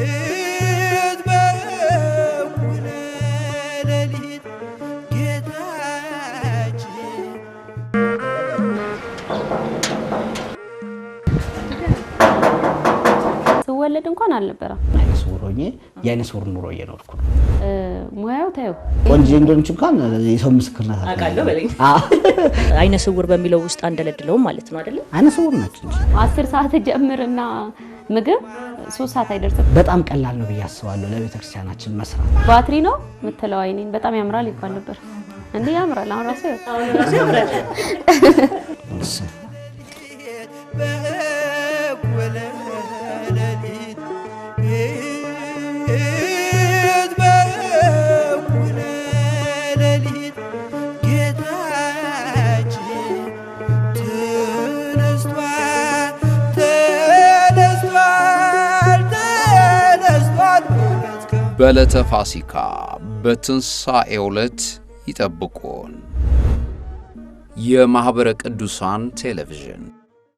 እት ስወለድ እንኳን አልነበረም። አይነ ስውር ሆኜ የአይነ ስውር ኑሮ እየኖርኩ ነው። ሙያው ታየው ቆንጆ እንደሆነች እንኳን የሰው ምስክርነት አውቃለሁ በለኝ። አይነ ስውር በሚለው ውስጥ አንደለድለውም ማለት ነው አይደለም። አይነ ስውር ናቸው እንጂ አስር ሰዓት ጀምርና ምግብ ሶስት ሰዓት አይደርስም። በጣም ቀላል ነው ብዬ አስባለሁ ለቤተክርስቲያናችን መስራት። ባትሪ ነው የምትለው አይኔን በጣም ያምራል ይባል ነበር። እንዴ ያምራል! አሁን ራሱ ያምራል። በዕለተ ፋሲካ በትንሣኤው ዕለት ይጠብቁን። የማኅበረ ቅዱሳን ቴሌቪዥን